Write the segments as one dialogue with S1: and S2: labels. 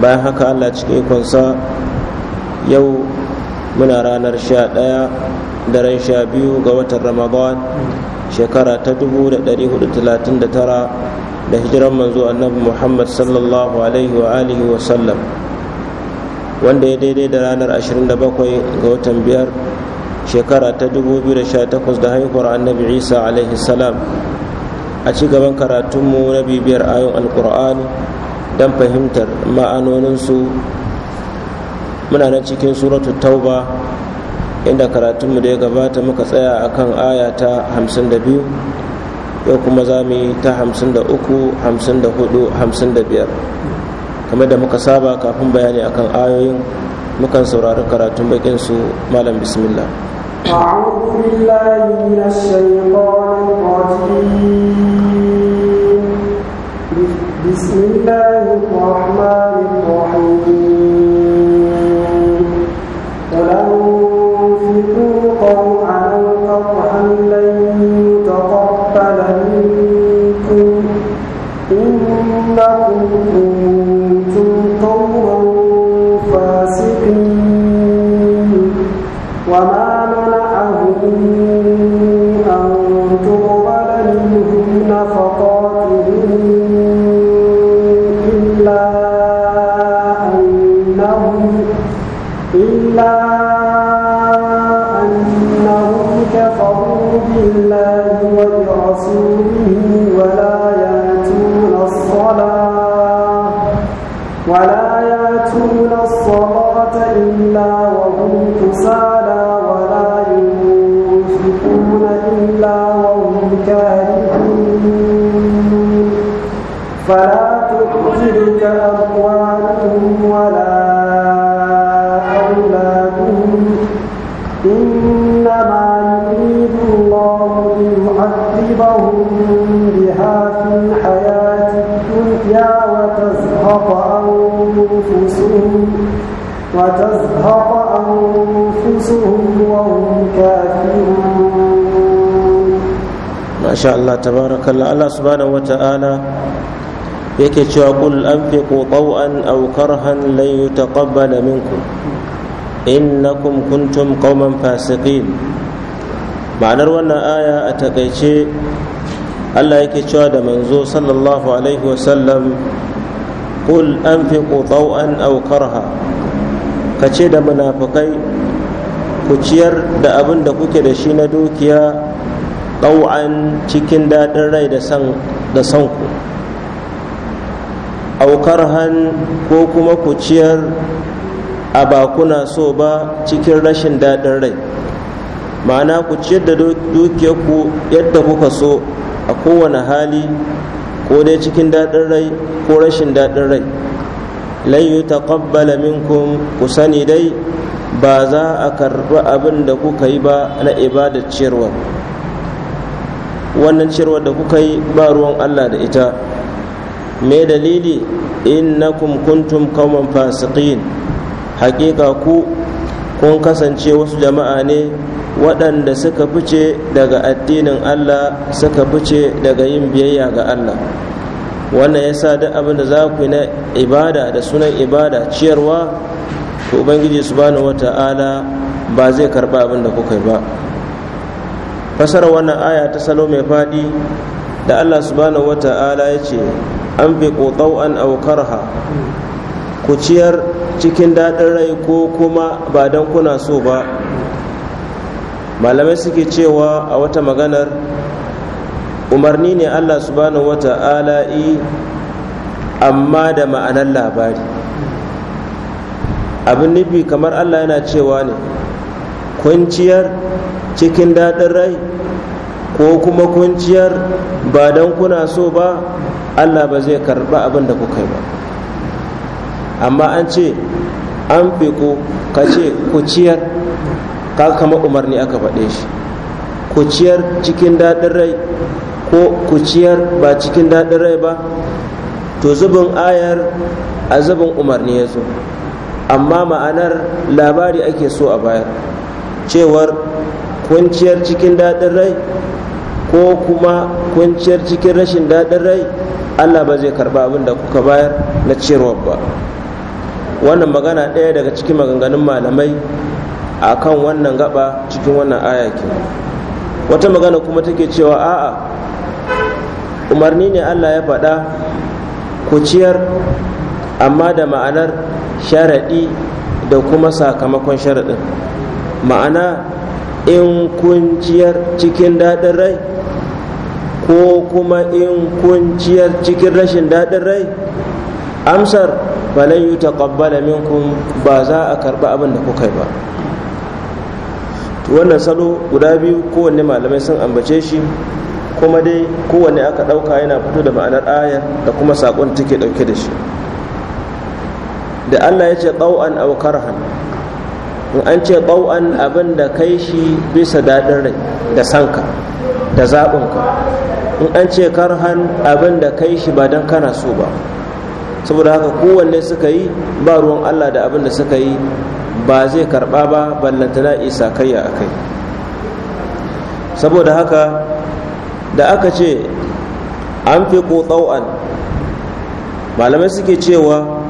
S1: bayan haka allah cikin ikonsa yau muna ranar sha ɗaya da ran sha biyu ga watan ramadan shekara ta 439 da hijiran manzo annabi muhammad sallallahu alaihi wa alihi wa sallam wanda ya daidai da ranar 27 ga watan biyar shekara ta 2018 da haihuwar annabi isa alaihi salam a ci gaban karatunmu na bibiyar ayon alkur'ani don fahimtar ma'anoninsu muna na cikin suratu tauba inda karatunmu da ya gabata muka tsaya a kan aya ta 52 yau kuma za mu ta 53 54 55 kamar da muka saba kafin bayani akan ayoyin mukan saurari karatun bakin su malam bismillah
S2: أعوذ بالله من الشيطان الرجيم بسم الله الرحمن إلا أنهم كفروا بالله وبرسوله ولا يأتون الصلاة ولا يأتون الصلاة إلا وهم كسالى ولا ينفقون إلا وهم كارهون فلا تحزنك أموالهم ولا تصيبهم بها في الحياة الدنيا وتزهق أنفسهم وتزهق أنفسهم وهم كافرون
S1: ما شاء الله تبارك الله الله سبحانه وتعالى yake cewa kul anfiqu taw'an aw karhan lan yutaqabbala minkum innakum kuntum qauman fasiqin ma'anar wannan aya a takaice allah yake cewa da manzo sallallahu alaihi wasallam kul an fi an aukarha ka ce da munafukai ku ciyar da abin da kuke da shi na dukiya ɗauan cikin daɗin rai da san ku aukarhan ko kuma ku ciyar a ba kuna so ba cikin rashin daɗin rai ma'ana ku ciyar da dukiyarku yadda kuka so a kowane hali ko dai cikin daɗin rai ko rashin daɗin rai layu ta minkum ku sani dai ba za a karɓi abin da kuka yi ba na ibadar ciyarwa wannan ciyarwar da kuka yi ba ruwan Allah da ita me dalili innakum kuntum qauman fasiqin haƙiƙa ku kun kasance wasu jama'a ne waɗanda suka fice daga addinin Allah suka fice daga yin biyayya ga Allah wannan ya sa duk abin da za ku yi na ibada da sunan ibada ciyarwa to ubangiji subhanahu wata'ala ba zai karba abin da kuka yi ba fasarar wannan aya ta salo mai faɗi da Allah subhanahu wata'ala ya ce an fi an aukarha ku ciyar cikin daɗin rai ko kuma ba don kuna so ba malamai suke cewa a wata maganar umarni ne allah subhanahu wata i amma da ma'anar labari abin nufi kamar allah yana cewa ne kwanciyar cikin daɗin rai ko kuma kwanciyar ba don kuna so ba allah ba zai karɓa abin da kuka yi ba amma an ce an fi ku ka ce ku ciyar ka kama umarni aka faɗe shi ku ciyar cikin daɗin rai ko ku ciyar ba cikin daɗin rai ba to zubin ayar a zubin umarni ya zo amma ma'anar labari ake so a bayar cewar kunciyar cikin daɗin rai ko kuma kunciyar cikin rashin daɗin rai allah ba zai karba abin da kuka bayar na ciyarwa ba wannan magana ɗaya daga cikin maganganun malamai akan wannan gaba cikin wannan aya wata magana kuma take cewa a'a umarni ne Allah ya faɗa ku ciyar amma da ma'anar sharaɗi da kuma sakamakon sharaɗin ma'ana in kun ciyar cikin daɗin rai ko kuma in kun ciyar cikin rashin daɗin rai amsar falan yi taƙabbala minkum ba za a karɓi abin da kuka yi ba wannan salo guda biyu kowanne malamai sun ambace shi kuma dai kowanne aka ɗauka yana fito da ma'anar ayar da kuma sakon take ɗauke da shi da allah ya ce ɗau'an aw karhan in an ce ɗau'an abin da kai shi bisa daɗin rai da sanka da ka in an ce karhan abin da kai shi ba dan kana so ba saboda haka kowanne suka yi ba ruwan allah da abin da suka yi ba zai karɓa ba ballantana isa kayya a kai saboda haka da aka ce an fi tsau'an malamai suke cewa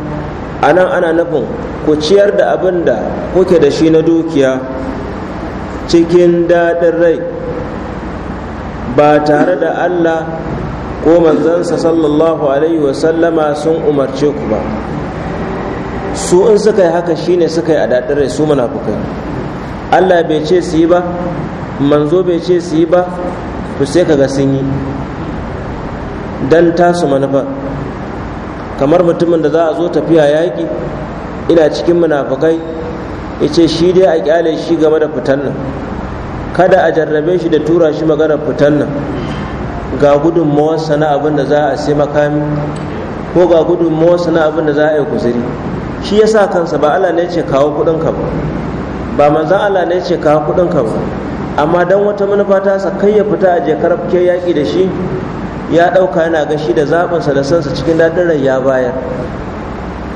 S1: anan ana nufin ku ciyar da abin da kuke da shi na dukiya cikin daɗin rai ba tare da allah ko manzansa sallallahu alaihi wasallama sun umarce ku ba su in suka yi haka shine suka yi a daɗin rai su munafukai allah bai ce su yi ba manzo bai ce su yi ba to sai kaga sun yi don tasu manufa kamar mutumin da za a zo tafiya yaƙi ina cikin munafukai ya ce shi dai a kyale shi game da fitan nan kada a jarrabe shi da tura shi maganar fitan nan ga gudunmawarsa na abin da za a sai makami ko ga gudunmawarsa na abin da za a yi kuziri shi ya sa kansa ba Allah ne ce kawo kuɗin ka ba ba manzan Allah ne ce kawo kudin ka ba amma dan wata manufa ta sa kai ya fita a jekar ke yaƙi da shi ya ɗauka yana gashi da zaɓinsa da sansa cikin daɗin rai ya bayar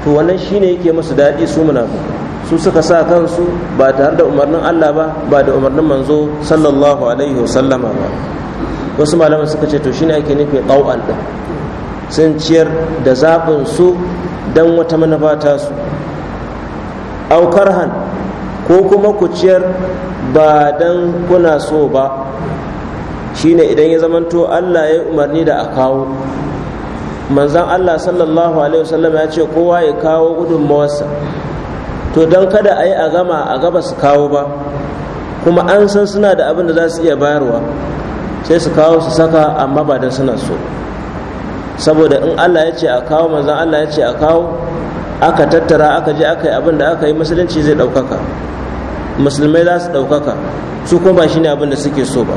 S1: to wannan shine yake musu daɗi su munafikai su suka sa kansu ba tare da umarnin Allah ba ba da umarnin manzo sallallahu alaihi wasallama ba wasu malaman suka ce to shine ake nufi ɗau'an ɗin sun ciyar da zaɓin su don wata manufa ta su han ko kuma ku ciyar ba don kuna so ba shine idan ya zamanto allah ya yi umarni da a kawo manzan allah sallallahu alaihi wasallam ya ce kowa ya kawo gudunmawarsa to don kada a yi a gama a gaba su kawo ba kuma an san suna da abin da za su iya bayarwa sai su kawo su saka amma ba don suna so saboda in Allah ya ce a kawo manzan Allah ya ce a kawo aka tattara aka je aka yi abin aka yi musulunci zai ɗaukaka musulmai za su ɗaukaka su kuma ba shine abin da suke so ba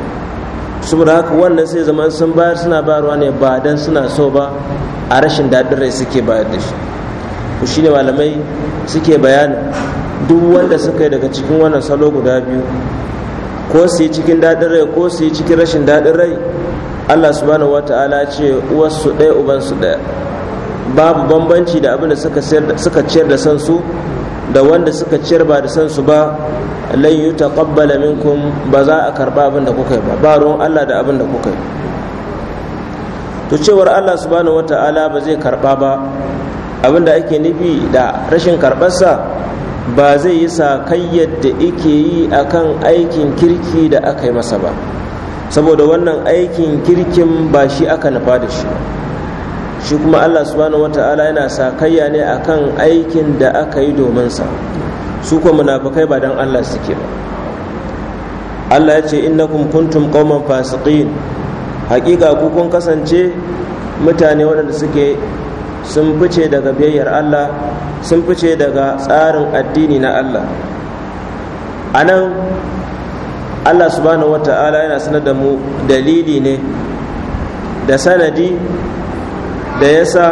S1: saboda haka wannan sai zaman sun bayar suna bayarwa ne ba dan suna so ba a rashin daɗin rai suke bayar da shi ku shi ne malamai suke bayani duk wanda suka yi daga cikin wannan salo guda biyu ko su yi cikin daɗin rai ko su yi cikin rashin daɗin rai Allah subhanahu wata'ala ce uwarsu ɗaya ubansu ɗaya babu bambanci da abin da suka ciyar da sansu da wanda suka ciyar ba da sansu ba lan yutaqabbala minkum ba za a karba abin da kuka yi ba ba ruwan Allah da abin da kuka yi to cewar Allah subhanahu wata'ala ba zai karba ba abin da ake nufi da rashin karɓarsa ba zai yi sakayyar da ike yi akan aikin kirki da aka yi masa ba saboda wannan aikin kirkin ba shi aka nufa da shi shi kuma allah subhanahu ta'ala yana sakayya ne akan aikin da aka yi domin sa su kuma munafukai ba dan allah suke ba allah ya ce innakum kuntum qauman fasiqin hakika ku kun kasance mutane waɗanda suke sun fice daga biyayyar allah sun fice daga tsarin addini na allah a nan Allah subhanahu wata'ala yana sanar da mu dalili ne da sanadi da yasa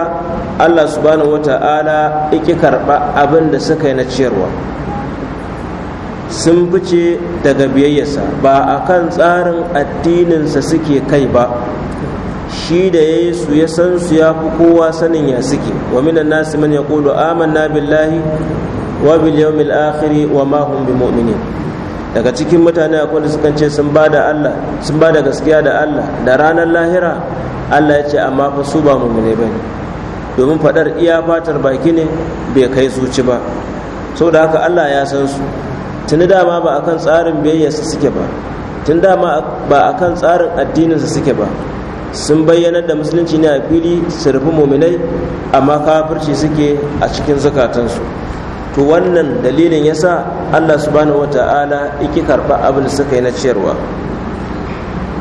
S1: Allah subhanahu wata'ala iki karɓa abin da suka yi na ciyarwa sun fice daga biyayyarsa ba a kan tsarin addininsa suke kai ba shi da ya yi su ya san su ya fi kowa sanin ya suke wa minan nasi man ya amanna billahi wa bil yawmil akhir wa ma hum bi mu'minin daga cikin mutane akwai da suka ce sun ba da Allah sun ba da gaskiya da Allah da ranar lahira Allah ya ce amma fa su ba mummune bane domin faɗar iya fatar baki ne bai kai zuci ba saboda haka Allah ya san su tuni dama ba akan tsarin biyayyarsa suke ba tun dama ba akan tsarin addininsa suke ba sun bayyanar da musulunci ne a fili su rufi muminai amma kafirci suke a cikin zukatansu to wannan dalilin ya sa Allah subhanahu wata'ala iki karɓa abin da suka na ciyarwa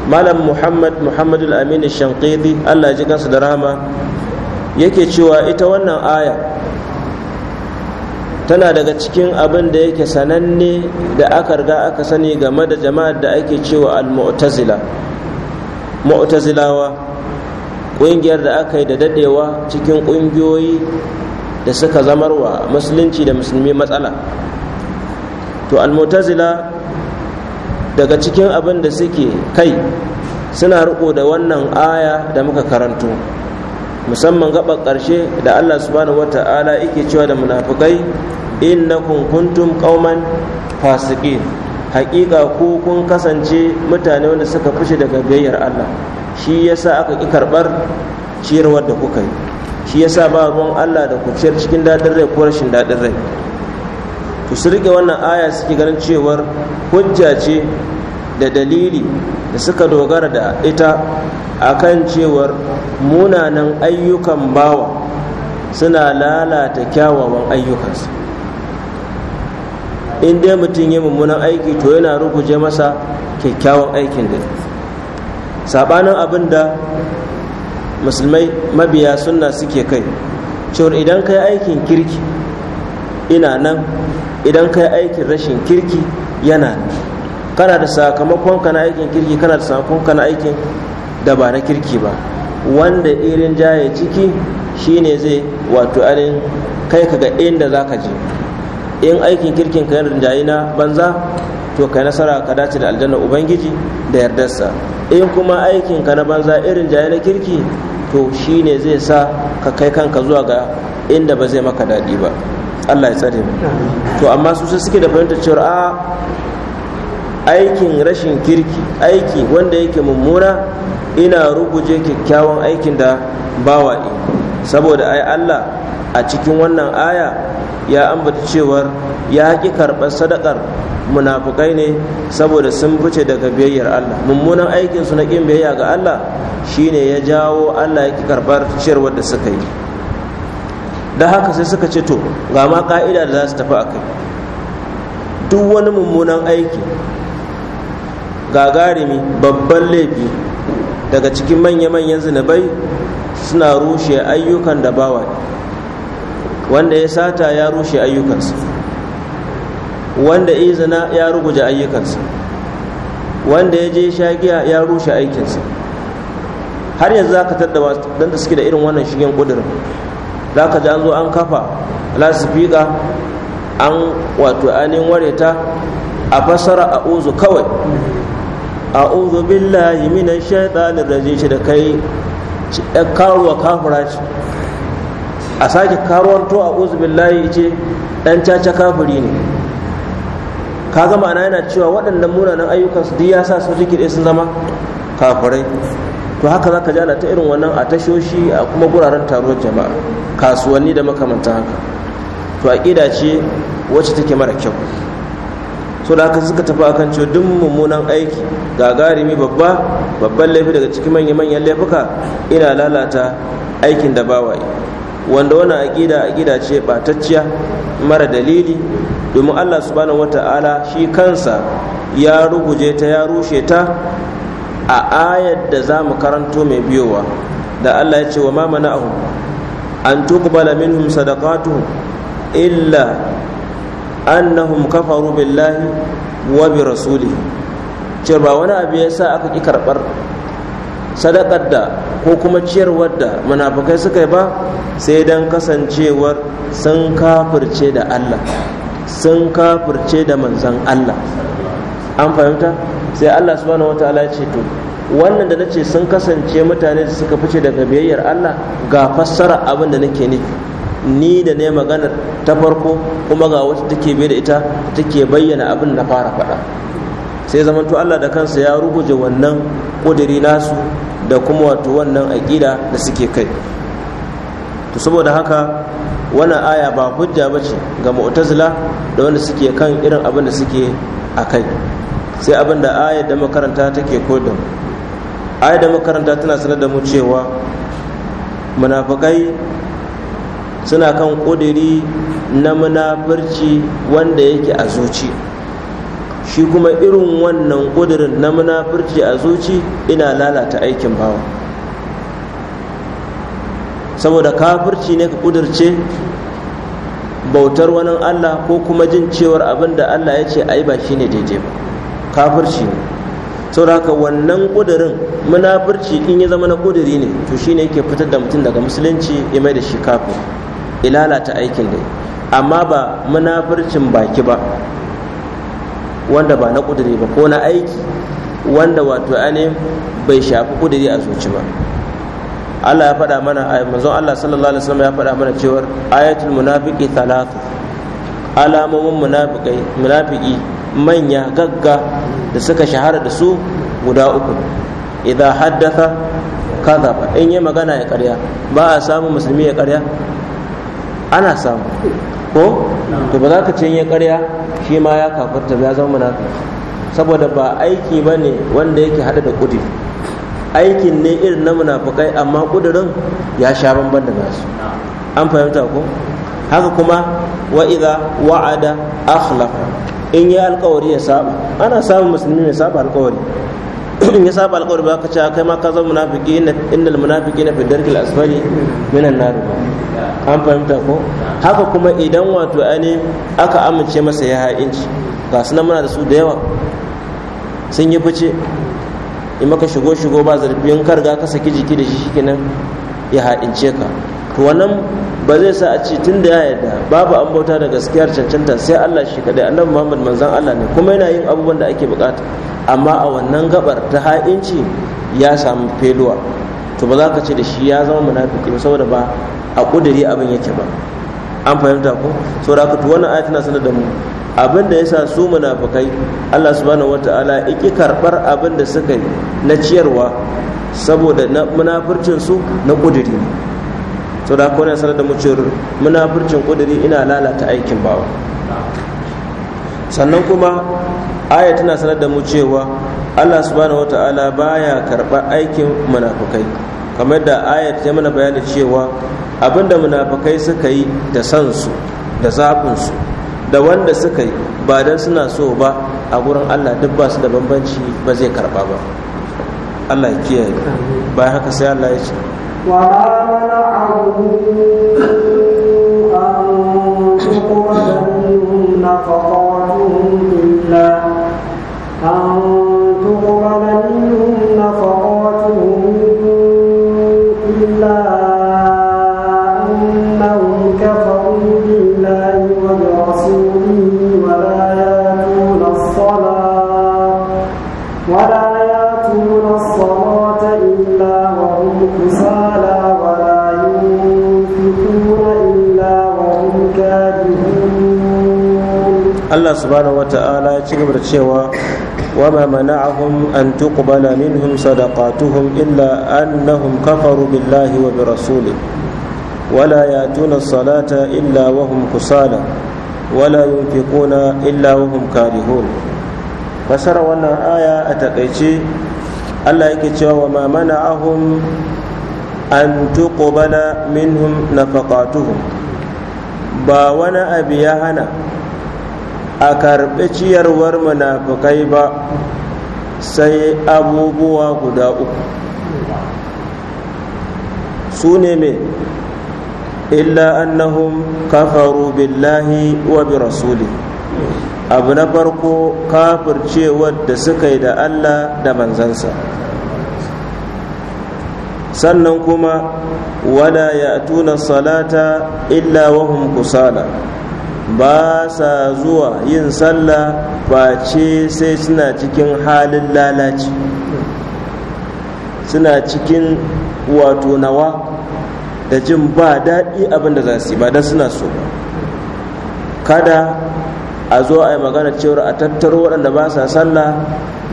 S1: malam muhammad muhammadu al-amin shanqidi Allah ji kansa da rahama yake cewa ita wannan aya tana daga cikin abin da yake sananne da aka riga aka sani game da jama'ar da ake cewa al-mu'tazila mu'tazilawa ƙungiyar da aka yi da dadewa cikin ƙungiyoyi da suka zamarwa musulunci da musulmi matsala to almutazila daga cikin abin da suke kai suna riko da wannan aya da muka karanto musamman gabar ƙarshe da Allah subhanahu wa Ta'ala yake cewa da munafikai innakum kuntum qauman fasiqin haƙiƙa ko kun kasance mutane wanda suka fushi daga gayyar Allah shi yasa aka ƙi karɓar ciyarwar da kuka yi shi yasa ba ruwan Allah da kuciyar cikin daɗin rai ko rashin daɗin rai to su rike wannan aya suke ganin cewar hujja ce da dalili da suka dogara da ita a kan cewar munanan ayyukan bawa suna lalata kyawawan ayyukansu. in dai mutum ya mummunan aiki to yana rukuje masa kyakkyawan aikin da saɓanin abin da musulmai mabiya suna suke kai cewar idan ka yi aikin kirki ina nan idan ka yi aikin rashin kirki yana kana da sakamakon kana aikin kirki kana da sakamakon kana aikin da ba na kirki ba wanda irin jaye ciki shine zai wato arin kai ka ga inda za ka je in aikin kirkin ka rinjayi na banza to kai nasara ka dace da aljanna ubangiji da yardarsa in kuma aikin ka na banza irin jaye na kirki to shine zai sa ka kai kanka zuwa ga inda ba zai maka daɗi ba Allah ya tsare mu to amma su suke da fahimtar cewa a aikin rashin kirki aiki wanda yake mummuna ina ruguje kyakkyawan aikin da bawa saboda ai Allah a cikin wannan aya ya ambata cewar ya ki karɓar sadakar munafukai ne saboda sun fice daga biyayyar Allah mummunan aikin su na ƙin biyayya ga Allah shine ya jawo Allah ya ki karɓar ciyarwar da suka yi da haka sai suka ce to ga ma ka'ida da za su tafi a kai duk wani mummunan aiki gagarumi babban laifi daga cikin manya-manyan zinabai suna rushe ayyukan da bawa wanda ya sata ya rushe ayyukansa wanda izina ya ruguje ayyukansa wanda ya je shagiya ya rushe aikinsa har yanzu za ka tattaba don suke da irin wannan shigen kudurin za ka ji an zo an kafa lasifika an wato anin ware ta a fasara a uzu kawai a uzu billahi minan shaitanin rajin shi da kai karuwa kafura ce a sake karuwanto a uzubillahi ce ɗan caca kafiri ne ka gama ana yana cewa waɗannan munanan ayyukan su ya sa su jiki sun zama Kafurai. to haka za ka jana ta irin wannan a tashoshi a kuma guraren taruwar jama'a kasuwanni da makamanta haka to aƙida ce wacce take mara kyau so da haka suka tafi akan cewa duk mummunan aiki gagarumi babba babban laifi daga cikin manya-manyan laifuka ina lalata aikin da bawaye wanda aƙida aƙida gida ce batacciya mara dalili domin Allah subhanahu wata'ala shi kansa ya ruguje ta ya rushe ta a ayar da za mu karanto mai biyowa da Allah ya ce wa ma ahu an tuqbala minhum sadaqatuhum illa annahum kafaru billahi wa bi rasuli cewa ba wani abu ya sa aka ƙi karɓar sadakar da ko kuma ciyarwar da munafukai suka yi ba sai don kasancewar sun kafirce da Allah sun kafirce da manzan Allah an fahimta sai Allah subhanahu ala ce to wannan da nace sun kasance mutane da suka fice daga biyayyar Allah ga fassara abin da nake ni, ni da ne maganar ta farko kuma ga wata take bai da ita take bayyana abin na fara faɗa sai zamanto Allah da kansa ya rubuce wannan kudiri nasu da kuma wato wannan aƙida da suke kai to saboda haka wannan aya ba hujja ba ce ga mu'tazila da wanda suke kan irin abin da suke a kai sai abin da ayar da makaranta take koyar da mu ayar da makaranta tana sanar da mu cewa munafikai suna kan ƙudiri na munafurci wanda yake a zuci. shi kuma irin wannan ƙudurin na munafurci a zuci ina lalata aikin bawa saboda kafirci ne ka ƙudurce bautar wani Allah ko kuma jin cewar abin da Allah ya ce ai ba shi ne daidai ba kafirci ne saboda haka wannan ƙudurin munafurci in ya zama na ƙuduri ne to shi ne yake fitar da mutum daga musulunci ya mai da shi kafin ilalata aikin dai amma ba munafurcin baki ba wanda ba na ƙudiri ba ko na aiki wanda wato ane bai shafi ƙudiri a zuci ba Allah ya faɗa mana a manzon Allah sallallahu alaihi wasallam ya faɗa mana cewar ayatul munafiqi talatu alamomin munafiqai munafiqi manya gagga da suka shahara da su guda uku idza haddatha kadhaba in yi magana ya karya ba a samu musulmi ya karya ana samu ko to ba za ka ce ya karya shi ma ya kafarta ya zama na saboda ba aiki ba ne wanda yake hada da kudi aikin ne irin na munafukai amma kudirin ya sha bamban da nasu an fahimta ko haka kuma wa'iza wa'ada akhlafa in ya alkawari ya saba ana samun musulmi mai saba alkawari in ya saba alkawari ba ka ce kai ma ka zama munafiki innal na fidar kila asfali minan ruba. an fahimta ko haka kuma idan wato ainihin aka amince masa ya ha'inci ga su muna da su da yawa sun yi fice in maka shigo shigo ba zarfi karga ka saki jiki da shi kenan ya ha'ince ka to wannan ba zai sa a ce tun da ya yarda babu an bauta da gaskiyar cancanta sai Allah shi kadai annabi Muhammad manzan Allah ne kuma yana yin abubuwan da ake bukata amma a wannan gabar ta ha'inci ya samu feluwa to ba za ka ce da shi ya zama munafiki saboda ba a ƙudiri abin yake ba an fahimta ko saboda haka wannan ayat na sanar da mu abin da yasa su munafikai Allah subhanahu wataala yake karbar abin da suka yi na ciyarwa saboda na munafircin su na ƙudiri saboda haka wannan sanar da mu cewa munafircin ƙudiri ina lalata aikin bawa sannan kuma aya tana sanar da mu cewa Allah subhanahu wataala baya karɓar aikin munafukai kamar da ayat ta mana bayani cewa abinda munafukai suka yi da san su da su da wanda suka yi ba dan suna so ba a gurin Allah duk ba su da bambanci ba zai karba ba Allah ya kiyaye bayan haka sai Allah ya ce
S2: wa ma
S1: Allah subhanahu wata'ala ya ci gaba da cewa wama mana'ahum an tuqbala minhum sadaqatuhum illa annahum kafaru billahi wa bi rasulih ولا يأتون الصلاة إلا وهم كسالى ولا ينفقون إلا وهم كارهون فسر وانا آية أتقيتي الله يكتوى وما منعهم أن تقبل منهم نفقاتهم ba wani abu ya hana a karɓi ciyarwar munafukai ba sai abubuwa guda uku su ne mai illa annahum kafaru billahi wa bi rasuli abu na farko kafircewar da suka yi da allah da manzansa sannan kuma wala ya tuna salata illa wahum kusala ba sa zuwa yin sallah ce sai suna cikin halin lalaci suna cikin wato nawa da jin ba daɗi abinda da za su yi ba don suna so ba kada a zo a yi magana cewar a tattaro waɗanda ba sa sallah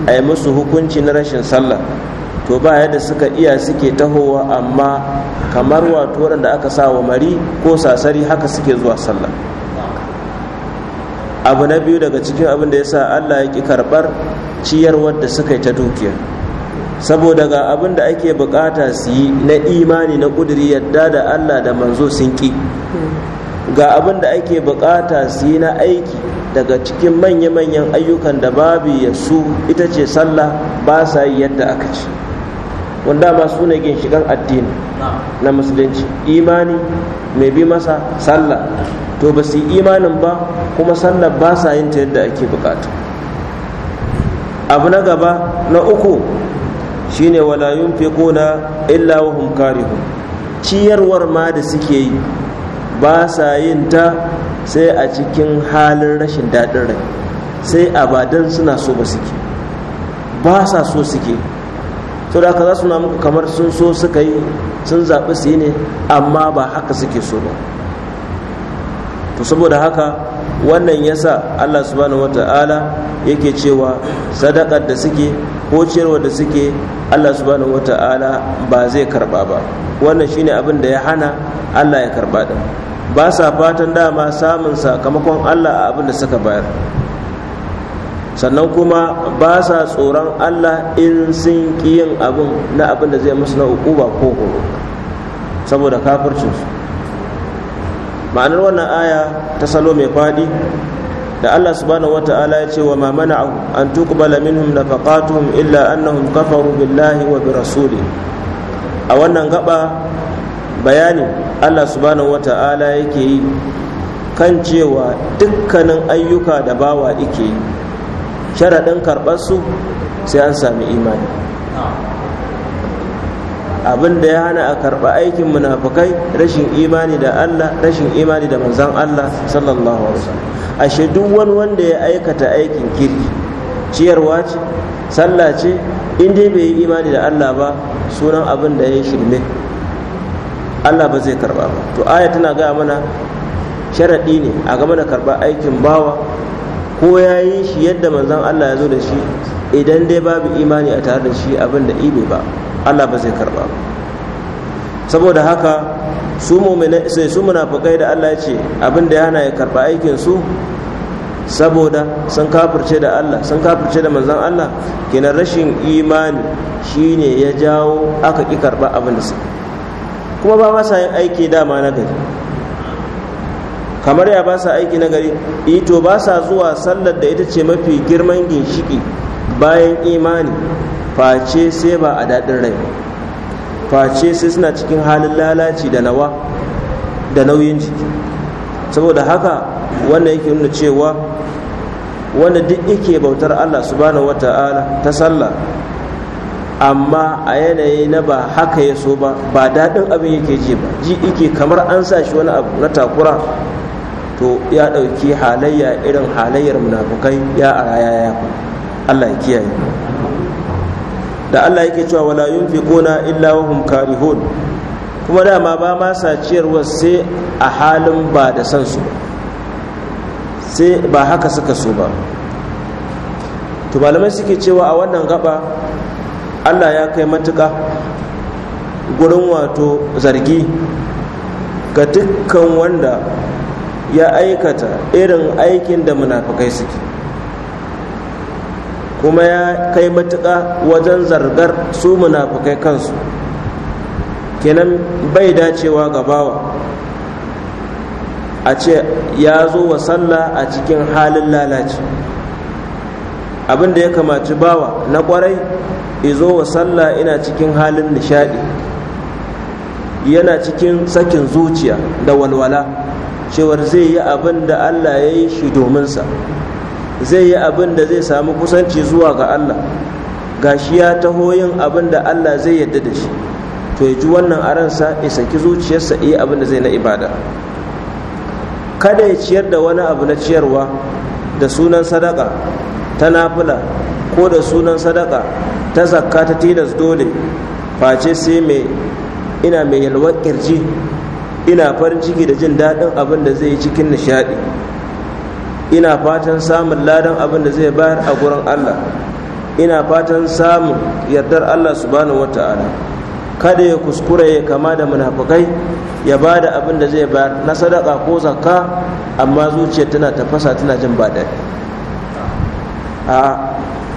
S1: a yi musu hukunci na rashin sallah to ba yadda suka iya suke tahowa amma kamar wato waɗanda aka sa wa mari ko sasari haka suke zuwa sallah abu na biyu daga cikin abin da ya sa allah ya ki karɓar ciyarwar da suka yi ta dukiya saboda ga abin da ake bukata su yi na imani na ƙuduri yadda da allah da manzo sun ƙi ga abin da ake bukata su yi na aiki daga cikin manya-manyan ayyukan da babu yasu su ita ce sallah ba sa yi yadda aka ce wanda ma su ne ginshigan addini na musulunci imani mai bi masa sallah to ba su imanin ba kuma sallah ba sa yin ta yadda ake bukata abu na gaba na uku shine wala yunfiquna illa wa hum karihun ciyarwar ma da suke yi ba sa yin ta sai a cikin halin rashin daɗin rai sai abadan suna so ba suke ba sa so suke to da za su na muku kamar sun so suka yi sun zaɓi su yi ne amma ba haka suke so ba to saboda haka wannan ya sa Allah subhanahu wata'ala yake cewa sadakar da suke ko ciyarwa da suke Allah subhanahu wata'ala ba zai karba ba wannan shine abin da ya hana Allah ya karba din ba sa fatan dama samun sakamakon Allah a abin da suka bayar sannan kuma ba sa tsoron Allah in sun ƙi yin abin na abin da zai musu na uku ba ko saboda kafircinsu ma'anar wannan aya ta salo mai faɗi da Allah subhanahu wata'ala ya ce wa ma mana an tuqbala minhum nafaqatuhum illa annahum kafaru billahi wa bi rasuli a wannan gaba bayani Allah subhanahu wata'ala yake yi kan cewa dukkanin ayyuka da bawa yake yi sharaɗin karɓarsu sai an sami imani abin da ya hana a karɓa aikin munafukai rashin imani da Allah rashin imani da manzan Allah sallallahu alaihi ashe duk wani wanda ya aikata aikin kirki ciyarwa ce sallah ce in dai bai yi imani da Allah ba sunan abin da ya shirme Allah ba zai karɓa ba to aya tana gaya mana sharaɗi ne a game da karɓar aikin bawa ko ya yi shi yadda manzan Allah ya zo da shi idan dai babu imani a tare da shi abin da ibe ba Allah ba zai karba ba. saboda haka su sai su munafikai da Allah ya ce abin da ya hana ya karba aikin su saboda sun kafirce da Allah sun kafirce da manzan Allah kenan rashin imani shine ya jawo aka ki karba abin da su kuma ba sa yin aiki dama na gari kamar ya ba sa aiki na gari ito eh ba sa zuwa sallar da ita ce mafi girman ginshiki bayan imani face sai ba a daɗin rai face sai suna cikin halin lalaci da nawa da nauyin jiki saboda haka wannan yake nuna cewa wanda duk yake bautar allah subhanahu wata'ala ta sallah amma a yanayi na ba haka ya so ba ba daɗin abin yake ji ba ji yake kamar an sa shi wani abu na takura to ya ɗauki halayya irin halayyar munafukai ya a, ya Allah ya kiyaye da Allah yake cewa wala yunfiquna illa wa hum karihun kuma dama ba ma sa ciyarwa sai a halin ba da san su sai ba haka suka so ba to malamai suke cewa a wannan gaba Allah ya kai matuƙa gurin wato zargi ga dukkan wanda ya aikata irin aikin da munafukai suke kuma ya kai matuka wajen zargar su munafukai kansu kenan bai dacewa ga bawa a ce ya zo wa sallah a cikin halin lalaci abin da ya kamaci bawa na kwarai izo wa sallah ina cikin halin nishadi yana cikin sakin zuciya da walwala cewar zai yi abin da Allah ya yi shi sa zai yi abin da zai samu kusanci zuwa ga Allah gashi ya taho yin abin da Allah zai yarda da shi to ya ji wannan a ransa ya saki zuciyarsa iya abin da zai na ibada kada ya ciyar da wani abu na ciyarwa da sunan sadaka ta nafila ko da sunan sadaka ta zakka ta tilas dole face sai mai ina mai yalwar kirji ina farin ciki da jin daɗin abin da zai yi cikin nishaɗi ina fatan samun ladan abin da zai bayar a gurin Allah ina fatan samun yardar Allah subhanahu ta'ala kada ya kuskura ya kama da munafukai ya ba da abin da zai bayar na sadaka ko zakka amma zuciyar tana tafasa tana jin ba daɗi a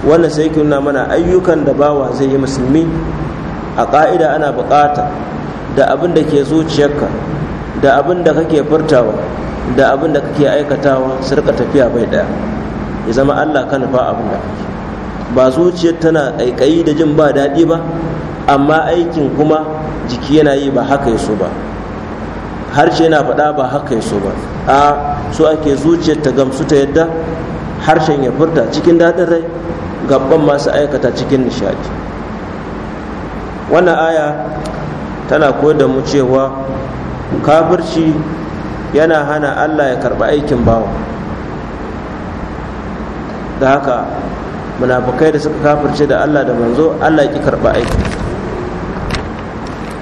S1: wannan sai nuna mana ayyukan da bawa zai yi musulmi a ƙa'ida ana bukata da abin da ke zuciyarka da abin da kake furtawa da abin da kake aikatawa su rika tafiya bai daya ya zama Allah ka nufa abin da kake ba zuciyar tana ƙaiƙayi da jin ba daɗi ba amma aikin kuma jiki yana yi ba haka ya so ba harshe yana faɗa ba haka ya ba a so ake zuciyar ta gamsu ta yadda harshen ya furta cikin daɗin rai gaban masu aikata cikin nishaɗi wannan aya tana koyar da mu cewa kafirci yana hana allah ya karba aikin bawa da haka munafukai da suka kafirce da allah da manzo allah ya ki karba aikin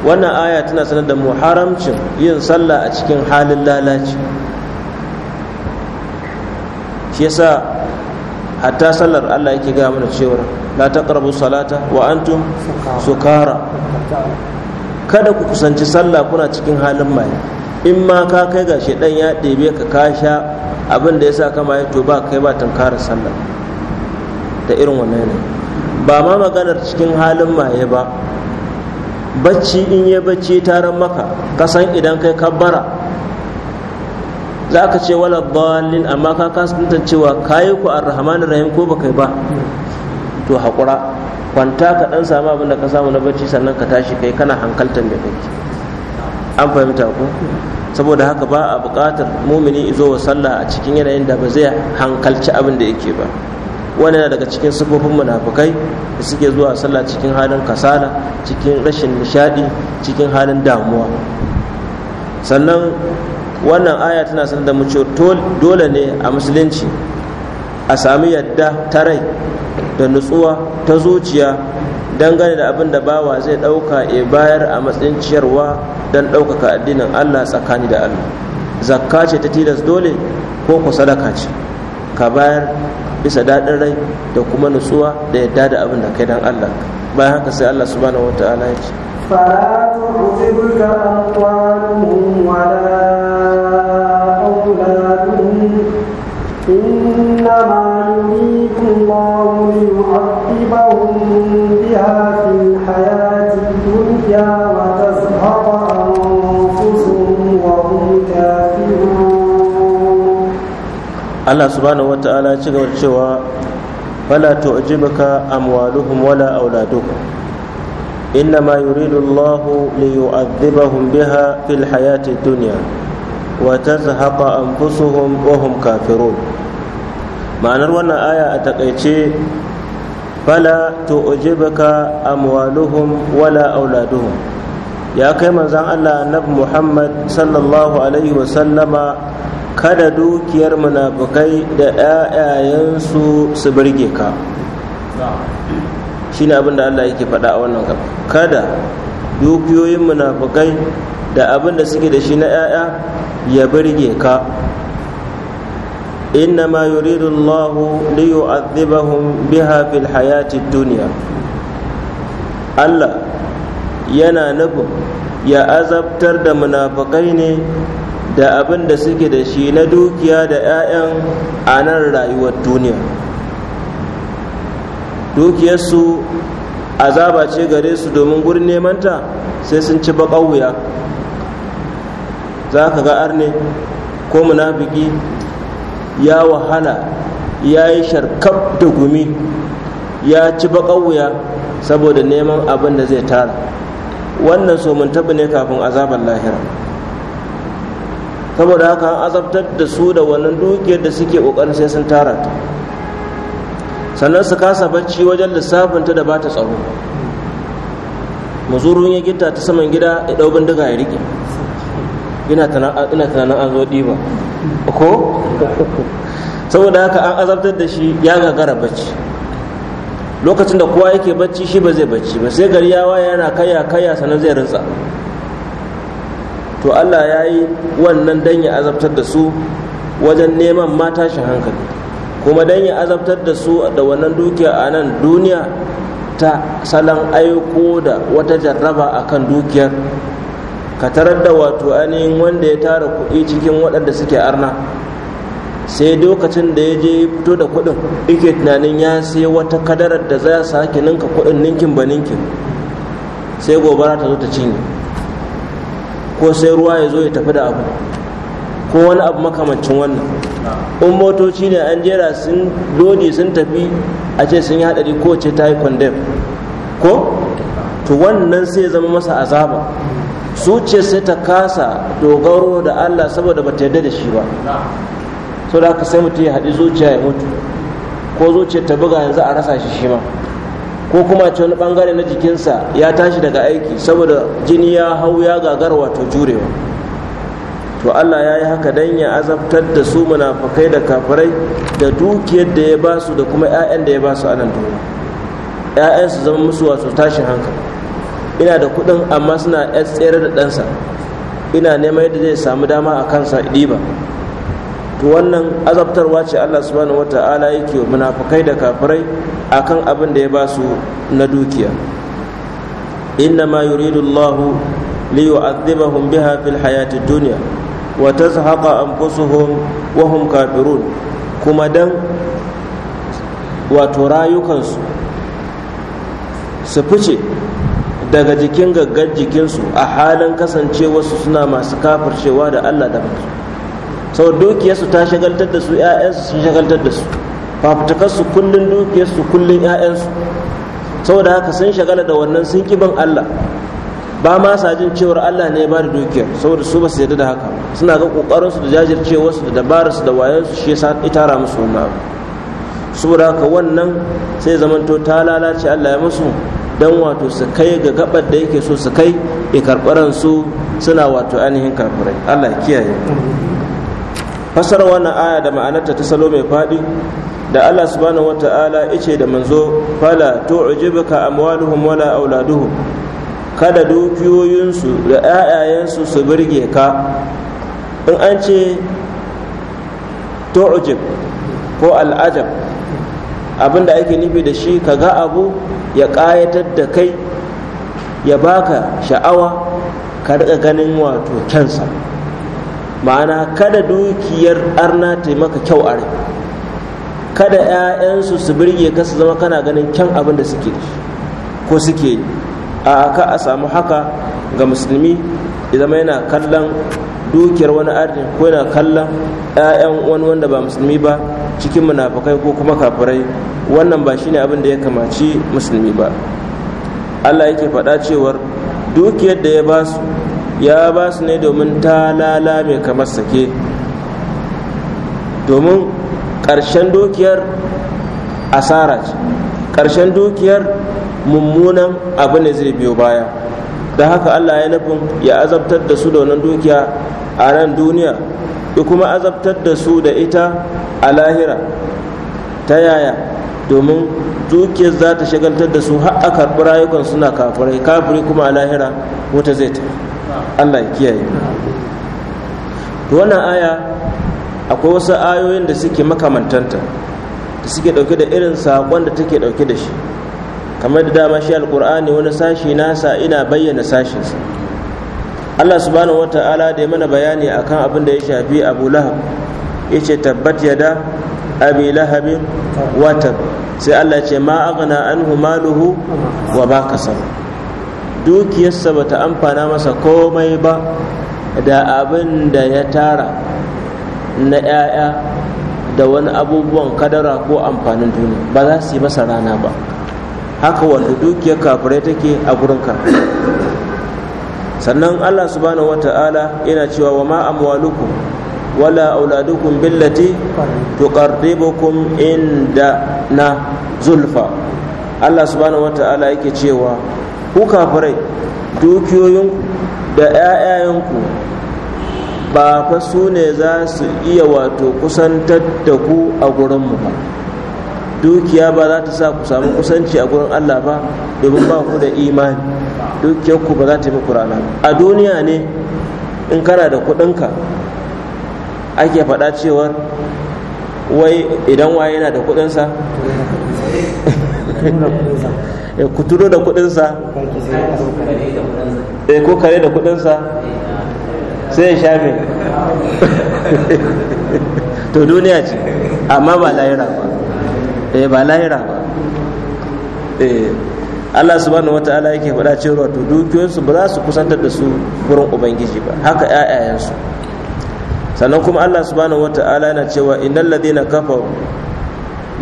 S1: wannan aya tana sanar da mu yin sallah a cikin halin lalaci shi yasa hatta sallar Allah yake ga mana cewa la taqrabu salata wa antum sukara kada ku kusanci sallah kuna cikin halin maye in ma ka kai ga ɗan ya ɗebe ka kasha abin da ya sa kama ya to ba kai ba tunkarar sallah da irin wannan ne ba ma maganar cikin halin maye ba bacci in ya bacci taron maka kasan idan kai kabbara za ka ce wala dalil amma ka kasance cewa kayi ku arrahmanir rahim ko kai ba to haƙura kwanta ka dan samu abin da ka samu na bacci sannan ka tashi kai kana hankaltar mai kai an fahimta ku saboda haka ba a buƙatar mumini izo wa sallah a cikin yanayin da ba zai hankalci abin da yake ba wani yana daga cikin sifofin munafukai da suke zuwa sallah cikin halin kasala cikin rashin nishadi cikin halin damuwa sannan wannan aya tana sanar da mu dole ne a musulunci a sami yadda ta rai da nutsuwa ta zuciya dangane da abin da bawa zai ɗauka ya bayar a matsayin ciyarwa don ɗaukaka addinin Allah tsakani da Allah zakka ce ta tilas dole ko ku sadaka ce ka bayar bisa daɗin rai da kuma nutsuwa da yadda da abin da kai don Allah bayan haka sai Allah subhanahu wa ta'ala ya ce fara
S2: بها في الحياة الدنيا وتزهق أنفسهم وهم كافرون
S1: الله سبحانه وتعالى يقول شوى فلا تعجبك أموالهم ولا أولادهم إنما يريد الله ليعذبهم بها في الحياة الدنيا وتزهق أنفسهم وهم كافرون ma'anar wannan aya a takaice فلا تؤجبك amwaluhum ولا auladuhum يا kai manzon الله annabi محمد صلى الله عليه وسلم kada dukiyar munafukai da ƴaƴayensu su birge ka shine abin da Allah yake faɗa a wannan gaba kada dukiyoyin munafukai da abin da suke da shi na ƴaƴa ya birge ka إنما يريد الله ليعذبهم بها في الحياة الدنيا Allah yana nufin ya azabtar da munafukai ne da abin da suke da shi na dukiya da 'ya'yan a nan rayuwar duniya dukiyarsu azaba ce gare su domin gurin nemanta sai sun ci wuya. za ka ga arne ko munafiki ya wahala ya yi sharkar da gumi ya ci baƙar saboda neman abin da zai tara wannan so mun taɓa ne kafin azabar lahira saboda haka an azabtar da su da wannan dukiyar da suke ƙoƙarin sai sun tara ta sannan su kasa bacci wajen lissafinta da ba ta tsaro mazurun ya gita ta saman gida ya ɗau bindiga ya riƙe ina tunanin an zo ɗiba ko saboda haka an azabtar da shi ya gagara bacci lokacin da kowa yake bacci shi ba zai bacci ba sai gari ya yana kaya kaya sannan zai rinsa to allah ya yi wannan dan ya azabtar da su wajen neman mata shi hankali kuma dan ya azabtar da su da wannan dukiya a nan duniya ta salon aiko da wata jarraba akan dukiyar ka tarar da wato ainihin wanda ya tara kuɗi cikin waɗanda suke arna sai lokacin da ya je fito da kuɗin ike tunanin ya sai wata kadarar da za su sake ninka kuɗin ninkin ba ninkin sai gobara ta zo ta cinye ko sai ruwa ya zo ya tafi da abu ko wani abu makamancin wannan in motoci ne an jera sun lodi sun tafi a ce sun yi haɗari ko ce ta yi kwandem ko to wannan sai zama masa azaba zuciyar sai ta kasa dogaro da Allah saboda bata yarda da shi ba so da haka sai mutum ya haɗi zuciya ya mutu ko zuciyar ta buga yanzu a rasa shi shi ma ko kuma ce wani bangare na jikinsa ya tashi daga aiki saboda jini ya hau ya gagara wato jurewa to Allah ya yi haka dan ya azabtar da su munafakai da kafirai da dukiyar da ya ba su da kuma 'ya'yan da ya su a nan duniya 'ya'yan su zama musu wato tashin hankali ina da kuɗin amma suna ya tsere da ɗansa ina neman yadda zai samu dama a kansa ɗiba to wannan azabtarwa ce Allah subhanahu wata'ala yake wa munafukai da kafirai akan abin da ya ba su na dukiya inna ma yuridu Allahu li yu'adhibahum biha fil hayati dunya wa tazhaqa anfusuhum wa hum kafirun kuma dan wato rayukansu su fice daga jikin gaggar jikinsu a halin kasancewarsu suna masu kafircewa da Allah da mutu sau dukiyarsu ta shagaltar da su 'ya'yansu sun shagaltar da su fafutukarsu kullum dukiyarsu kullum 'ya'yansu saboda haka sun shagala da wannan sun kiban Allah ba ma sa jin cewar Allah ne ba da dukiyar saboda su ba su yarda da haka suna ga kokarin su da jajircewar da dabararsu da wayansu su shi yasa itara musu ma saboda haka wannan sai zamanto ta lalace Allah ya musu don wato su kai ga gabar da yake so su kai ya karɓi su suna wato ainihin kafirai allah kiyaye fasar wannan aya da ma'anarta ta salo mai faɗi da allah subhanahu wata'ala ce da manzo fala tu'jibuka amwaluhum wala auladuhum kada dukiyoyinsu da 'ya'yayensu su birge ka in an ce tu'jib ko al'ajab abin da ake nufi da shi ka ga abu ya ƙayatar da kai ya baka sha'awa ka riƙa ganin wato kyansa ma'ana kada dukiyar arna ta maka kyau a rai kada 'ya'yansu su birge ka su zama kana ganin kyan abin da suke ko suke a aka a samu haka ga musulmi zama yana kallon dukiyar wani ardin ko yana kallon 'ya'yan wani wanda ba musulmi ba cikin munafukai ko kuma kafirai wannan ba shine abin da ya kamaci musulmi ba Allah yake faɗa cewar dukiyar da ya ba su ya ba su ne domin lala mai kamar sake domin ƙarshen dukiyar asara ce ƙarshen dukiyar mummunan abu ne zai biyo baya da haka allah ya nufin ya azabtar da su da wannan dukiya a nan duniya da kuma azabtar da su da ita a lahira ta yaya domin dukiyar za ta shagaltar da su har a karɓi rayukan suna kafirai kafirai kuma a lahira wata zai ta allah ya kiyaye wannan aya akwai wasu ayoyin da suke makamantanta da suke ɗauke da irin saƙon da take ɗauke da shi kamar da dama shi alƙur'ani wani sashi nasa ina bayyana sashinsa Allah subhanahu wata'ala da ya mana bayani akan abin da ya shafi Abu Lahab yace tabbat yada abi lahabin wata sai Allah ce ma aghna anhu maluhu wa ba kasaba dukiyarsa bata amfana masa komai ba da abin da ya tara na 'ya'ya da wani abubuwan kadara ko amfanin duniya ba za su yi masa rana ba haka wanda dukiyar kafirai take a gurin ka. sannan Allah subhanahu wata'ala yana cewa wa ma wala auladukum billati tuqarribukum inda na zulfa Allah subhanahu wata'ala yake cewa ku kafirai dukiyoyinku da 'ya'yanku ba fa su ne za su iya wato kusantar da ku a gurinmu ba dukiya ba za ta sa ku samu kusanci a gurin Allah ba domin ba ku da imani dukiyar ku ba za ta yi muku rana a duniya ne in kana da kuɗinka ake faɗa cewar wai idan waye yana da kuɗinsa eh, ku tuno da kuɗinsa eh, ko kare da kuɗinsa sai ya shafe to duniya ce amma ba layira ba eh ba lahira ba eh Allah subhanahu wata'ala yake faɗa cewa to dukiyoyinsu ba za su kusantar da su gurin ubangiji ba haka ƴaƴayensu sannan kuma Allah subhanahu wata'ala yana cewa innal ladina kafaru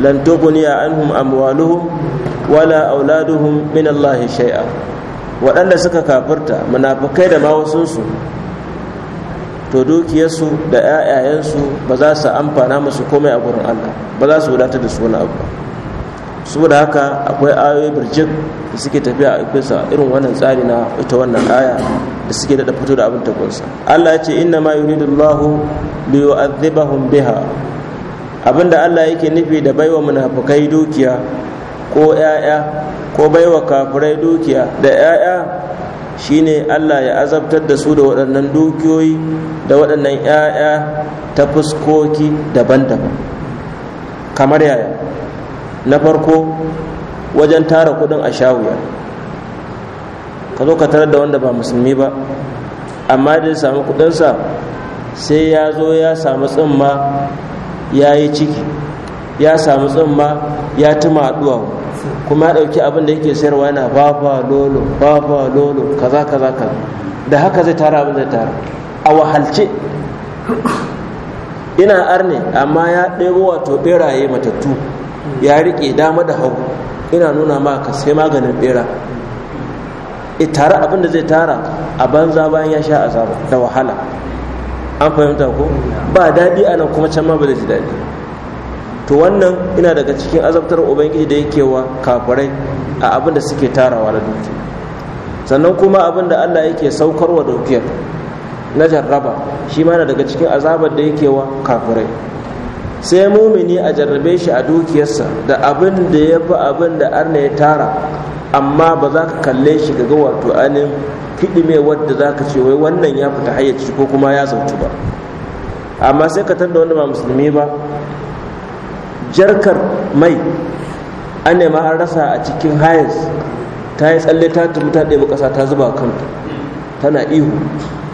S1: lan tughniya anhum amwaluhum wala auladuhum min Allah shay'a waɗanda suka kafirta munafikai da ma wasunsu to dukiyarsu da 'ya'yayensu ba za su amfana musu komai a gurin Allah ba za su wadatar da su wani abu da haka akwai ayoyi birjik da suke tafiya a bisa irin wannan tsari na ita wannan aya da suke daɗa fito da abin takunsa Allah ya ce inna ma yuridullahu li yu'adhibahum biha abinda Allah yake nufi da baiwa munafukai dukiya ko 'ya'ya ko baiwa kafirai dukiya da 'ya'ya shine Allah ya azabtar da su da waɗannan dukiyoyi da waɗannan 'ya'ya ta fuskoki daban-daban kamar yaya na farko wajen tara kuɗin a shawuya ka zo ka tarar da wanda ba musulmi ba amma da ya samu kuɗinsa sai ya zo ya samu tsimma ya yi ciki ya samu tsumma ya tuma duwawu kuma ya ɗauki abin da yake sayarwa yana baba lolo baba lolo kaza kaza kaza da haka zai tara abin zai tara a wahalce ina arne amma ya ɗebo wato ɓeraye matattu ya riƙe dama da hau ina nuna ma ka sai maganin ɓera tara abin da zai tara a banza bayan ya sha azaba da wahala an fahimta ko ba daɗi a nan kuma can ma ba zai ji daɗi to wannan ina daga cikin azabtar ubangiji da yake wa kafirai a abin da suke tarawa na dukiya sannan kuma abin da allah yake saukarwa dukiyar na jarraba shi ma na daga cikin azabar da yake wa kafirai sai mumini a jarrabe shi a dukiyarsa da abin da ya fi abin da arna ya tara amma ba za ka kalle shi ga wato anin hidime wadda za ka ce wai wannan ya fita hayyaci ko kuma ya zautu ba amma sai ka tarda wanda ba musulmi ba jarkar mai an nema an rasa a cikin hayes ta yi tsalle ta tumi ta ɗaya ƙasa ta zuba kan tana ihu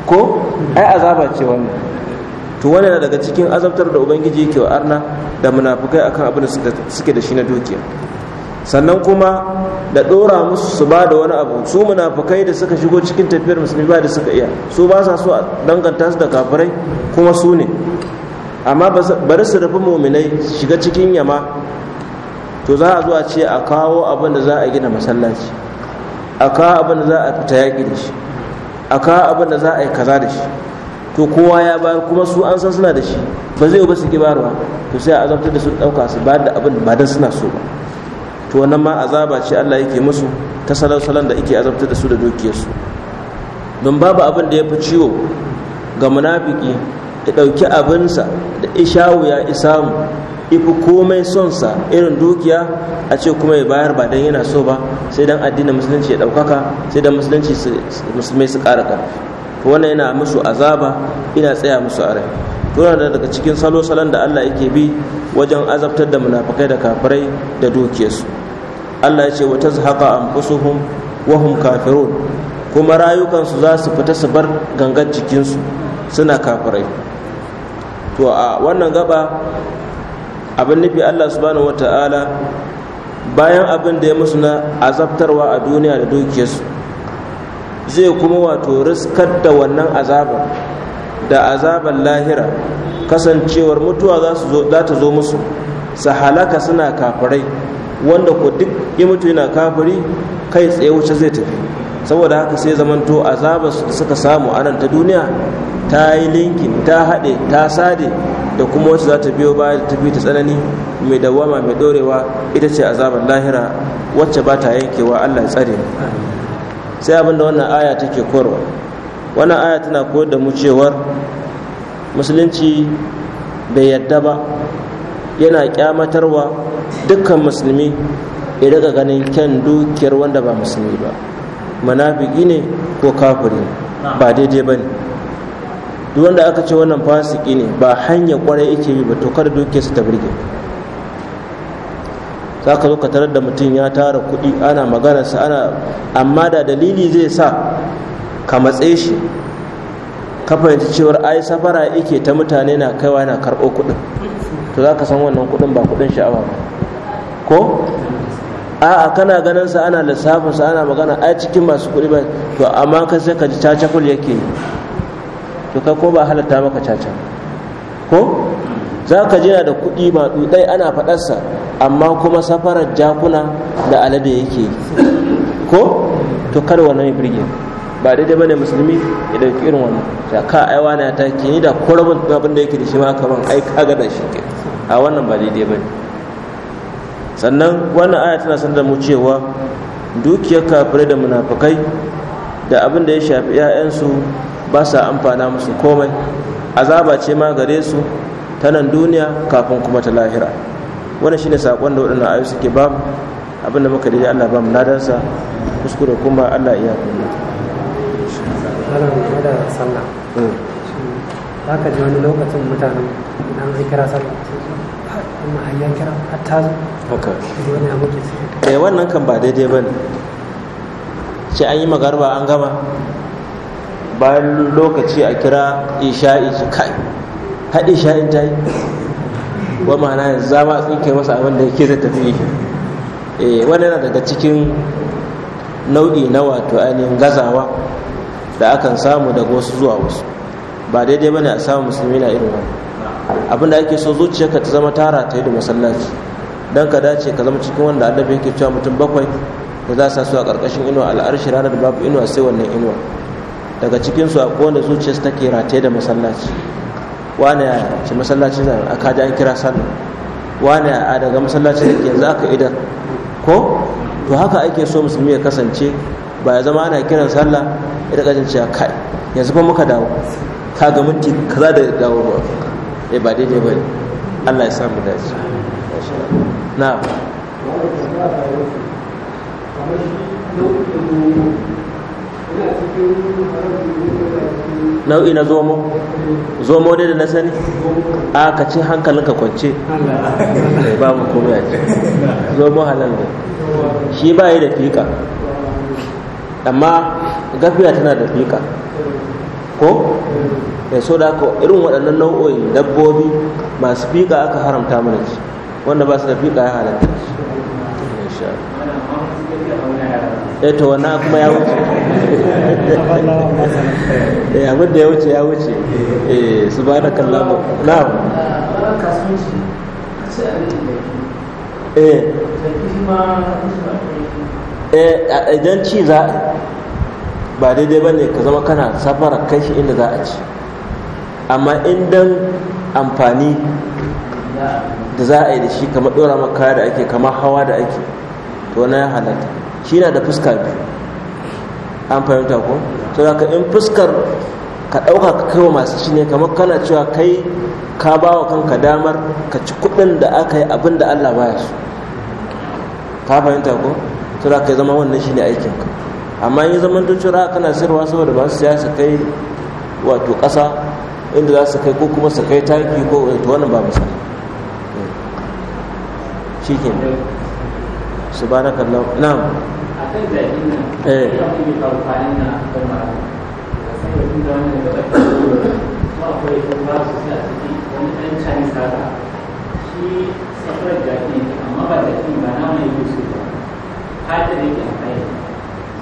S1: ko ai azaba ce wannan to wannan na daga cikin azabtar da ubangiji yake wa arna da munafukai akan abin da suke da shi na dukiya sannan kuma da ɗora musu su ba da wani abu su munafukai da suka shigo cikin tafiyar musulmi ba da suka iya su ba sa so a danganta su da kafirai kuma su ne amma bari su rufe muminai shiga cikin yama to za a zuwa ce a kawo abin da za a gina masallaci a kawo abin da za a fita yaƙi da shi a kawo abin da za a yi kaza da shi to kowa ya bayar kuma su an san suna da shi ba zai ba su ki barwa to sai a azabtar da su ɗauka su bayar da abin ba dan suna so ba to wannan ma azaba ce Allah yake musu ta salon salon da yake azabtar da su da dukiyarsu don babu abin da ya fi ciwo ga munafiki ya ɗauki abinsa da ishawu ya isamu ifi komai sonsa irin dukiya a ce kuma ya bayar ba don yana so ba sai don addinin musulunci ya ɗaukaka sai don musulunci musulmai su ƙara ƙarfi wannan yana musu azaba ina tsaya musu a rai da daga cikin salo salon da Allah yake bi wajen azabtar da munafukai da kafirai da dukiyarsu Allah ya ce wa haka anfusuhum wa wahun kafirun kuma rayukansu za su fita su bar gangar jikinsu suna kafirai to a wannan gaba abin nufi allah subhanahu wata'ala bayan abin da ya musu na azabtarwa a duniya da dukiyarsu zai kuma wato riskar da wannan azabar da azabar lahira kasancewar mutuwa za ta zo musu su halaka suna kafirai wanda ko duk ya mutu yana kafiri kai tsaye wuce zai tafi saboda haka sai zamanto azabar da suka samu a nan ta duniya ta yi linkin ta haɗe ta sade da kuma wacce za ta biyo baya da tafi ta tsanani mai dawama mai dorewa ita ce azabar lahira wacce ba ta yankewa allah tsare sai abin da wannan aya take korwa wannan aya tana koyar da mu cewar musulunci bai yadda ba yana kyamatarwa dukkan musulmi ya daga ganin kyan dukiyar wanda ba musulmi ba manafiki ne ko kafiri ba daidai ba ne duk wanda aka ce wannan fasiki ne ba hanyar kwarai yake yi ba to kada su ta burge za ka zo ka tarar da mutum ya tara kuɗi ana maganarsa ana amma da dalili zai sa ka matse shi ka fahimci cewar ai safara yake ta mutane na kaiwa na karɓo kuɗin to za ka san wannan kuɗin ba kuɗin sha'awa ba ko a'a kana ganin sa ana lissafin sa ana magana ai cikin masu kuɗi ba to amma ka sai ka ji caca kul yake to kai ko ba halatta maka caca ko za ka jina da kuɗi ma dudai ana faɗarsa amma kuma safarar jakuna da alade yake ko to kar wannan ya birge ba daidai bane musulmi ya dauki irin wannan da ka ai wani ta ke ni da korabin abin da yake da shi ma kaman ai ka ga da shi ke a wannan ba daidai bane sannan wannan aya tana sanar da mu cewa dukiyar kafirai da munafukai da abin da ya shafi 'ya'yansu ba sa amfana musu komai azaba ce ma gare su ta nan duniya kafin kuma ta lahira wannan shine sakon da waɗannan ayoyi suke ba abin da muka daidai Allah ba mu ladansa kuskure kuma Allah iya kuma sallah hmm.
S2: ji wani lokacin mutanen idan an sallah amma hatta
S1: haka wani
S2: abu ke
S1: eh, wannan kan ba daidai ba ne. ce an yi magarba an gama bayan lokaci a kira isha'i ce kai haɗi isha'in ta yi wa ma'ana yanzu za ma tsinke masa abin da yake zai tafi eh wannan yana daga cikin nau'i na wato ainihin gazawa da akan samu daga wasu zuwa wasu ba daidai ba ne a samu musulmi na irin wannan abin da ake so zuciyarka ta zama tara ta yi da masallaci don ka dace ka zama cikin wanda annabi yake cewa mutum bakwai da za su su a ƙarƙashin inuwa al'arshi ranar babu inuwa sai wannan inuwa daga cikin su akwai wanda zuciyarsa take rataye da masallaci wani ya ce masallaci zan aka ji an kira sallah wani a daga masallaci da yanzu aka idan ko to haka ake so musulmi ya kasance ba ya zama ana kiran sallah ya daga jin cewa kai yanzu fa muka dawo ka ga minti kaza da dawo ba eh ba daidai ba ne allah ya samu daji. na nau'i na zomo zomo dai da na sani a ka ce ka kwance eh, ba mu komai a ce zomo halal ne shi ba yi da fika amma gafiya tana da fika ko ya eh, so da haka irin waɗannan nau'o'in dabbobi masu fiƙa aka haramta mana ci wanda ba su da fiƙa ya halatta eto eh, wannan kuma ya wuce eh abin da ya wuce ya wuce eh subhanakallah na'am eh eh idan ci za ba daidai ba ne ka zama kana safara kai shi inda za a ci amma indan amfani
S2: da
S1: za a yi da shi kamar dora maka da ake kamar hawa da ake to na ya halatta shi na da fuska biyu an fahimta ko to ka in fuskar ka ɗauka ka kai wa masu shi ne kamar kana cewa kai ka ba wa kanka damar ka ci kuɗin da aka yi abin da allah baya su. ka fahimta ko to da ka zama wannan shi ne aikinka amma in zaman tuncura kana sirwa saboda masu siyasa kai wato ƙasa inda za su kai ko kuma su kai taki ko wato wannan ba musa shi ke su subhanakallah na
S2: akan da ina eh ya kuma kawo kayan na akan ma sai da kuma wannan da ba ta akwai ba su sa ciki wani dan Chinese haka shi safar da ke amma ba da ba na mai yusuf ba ka da yake akai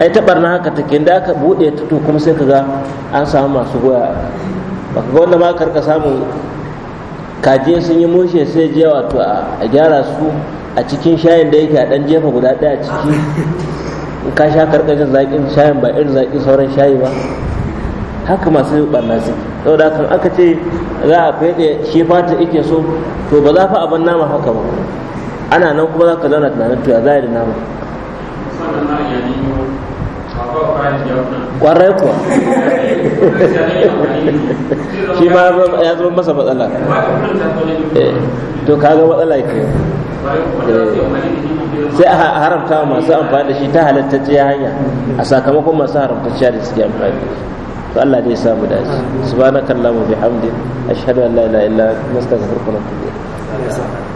S1: ai taɓar na haka take inda aka bude ta to kuma sai kaga an samu masu goya baka ga wanda ma karka samu kaje sun yi mushe sai je wato a gyara su a cikin shayin da yake a ɗan jefa guda ɗaya ciki in ka sha karkashin zaƙin shayin ba irin zaƙin sauran shayi ba haka masu barna su saboda kan aka ce za a fede shi fata ike so to ba za fa abin nama haka ba ana nan kuma za ka zauna tunanin tuya za a yi da nama
S2: kwarai kuwa shi ma
S1: ya zama masa matsala eh, to kaga matsala ke eh, sai a haramta masu amfani da shi ta halittacciya hanya a sakamakon masu haramtacciya da suke amfani da shi to Allah dai samu dace subhanakallahumma bihamdik ashhadu an la ilaha illa anta astaghfiruka wa atubu
S2: ilayk